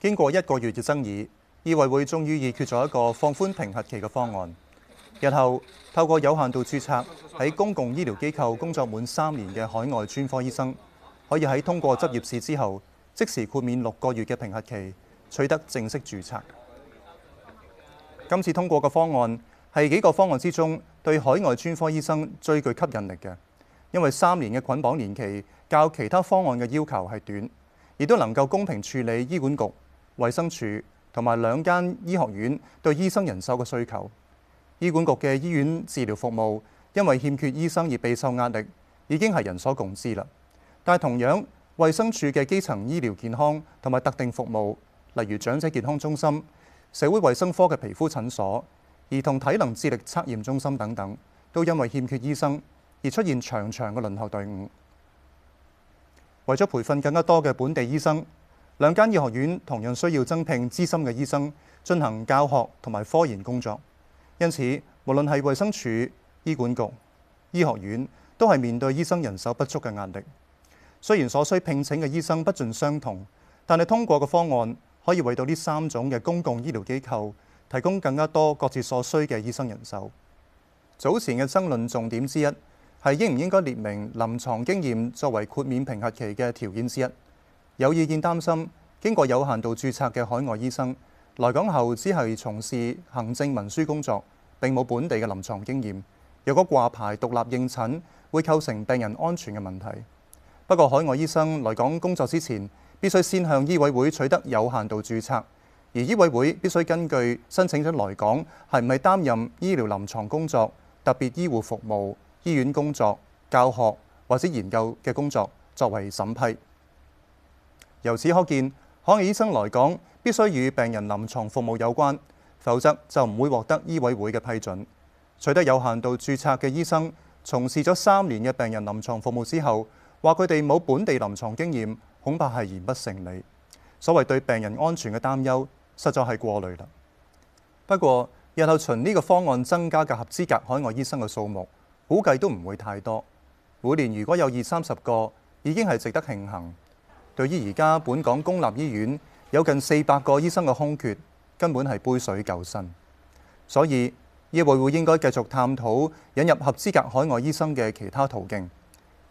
經過一個月嘅爭議，醫委會終於議決咗一個放寬評核期嘅方案。日後透過有限度註冊喺公共醫療機構工作滿三年嘅海外專科醫生，可以喺通過執業試之後，即時豁免六個月嘅評核期，取得正式註冊。今次通過嘅方案係幾個方案之中對海外專科醫生最具吸引力嘅，因為三年嘅捆綁年期較其他方案嘅要求係短，亦都能夠公平處理醫管局、衛生署同埋兩間醫學院對醫生人手嘅需求，醫管局嘅醫院治療服務因為欠缺醫生而備受壓力，已經係人所共知啦。但係同樣，衛生署嘅基層醫療健康同埋特定服務，例如長者健康中心、社會衛生科嘅皮膚診所、兒童體能智力測驗中心等等，都因為欠缺醫生而出現長長嘅輪候隊伍。為咗培訓更加多嘅本地醫生，兩間醫學院同樣需要增聘資深嘅醫生進行教學同埋科研工作，因此無論係衛生署、醫管局、醫學院，都係面對醫生人手不足嘅壓力。雖然所需聘請嘅醫生不盡相同，但係通過嘅方案可以為到呢三種嘅公共醫療機構提供更加多各自所需嘅醫生人手。早前嘅爭論重點之一係應唔應該列明臨床經驗作為豁免評核期嘅條件之一。有意見擔心，經過有限度註冊嘅海外醫生來港後，只係從事行政文書工作，並冇本地嘅臨床經驗。若果掛牌獨立應診，會構成病人安全嘅問題。不過，海外醫生來港工作之前，必須先向醫委會取得有限度註冊，而醫委會必須根據申請咗來港係唔係擔任醫療臨床工作、特別醫護服務、醫院工作、教學或者研究嘅工作作為審批。由此可見，海外醫生來講，必須與病人臨床服務有關，否則就唔會獲得醫委會嘅批准。取得有限度註冊嘅醫生，從事咗三年嘅病人臨床服務之後，話佢哋冇本地臨床經驗，恐怕係言不成理。所謂對病人安全嘅擔憂，實在係過慮啦。不過，日後循呢個方案增加嘅合資格海外醫生嘅數目，估計都唔會太多。每年如果有二三十個，已經係值得慶幸。對於而家本港公立醫院有近四百個醫生嘅空缺，根本係杯水車薪。所以醫委會應該繼續探討引入合資格海外醫生嘅其他途徑，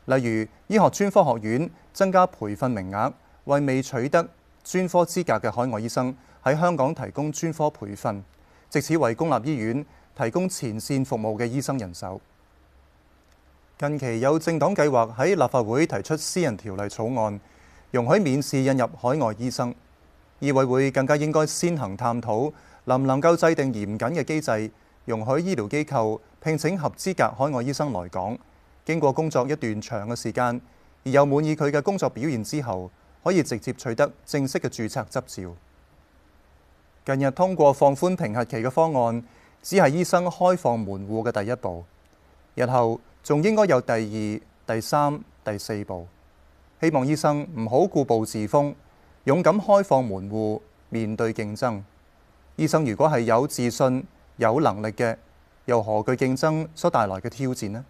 例如醫學專科學院增加培訓名額，為未取得專科資格嘅海外醫生喺香港提供專科培訓，藉此為公立醫院提供前線服務嘅醫生人手。近期有政黨計劃喺立法會提出私人條例草案。容許免試引入海外醫生，醫委會更加應該先行探討，能唔能夠制定嚴謹嘅機制，容許醫療機構聘請合資格海外醫生來港。經過工作一段長嘅時間，而又滿意佢嘅工作表現之後，可以直接取得正式嘅註冊執照。近日通過放寬評核期嘅方案，只係醫生開放門戶嘅第一步，日後仲應該有第二、第三、第四步。希望醫生唔好固步自封，勇敢開放門戶，面對競爭。醫生如果係有自信、有能力嘅，又何懼競爭所帶來嘅挑戰呢？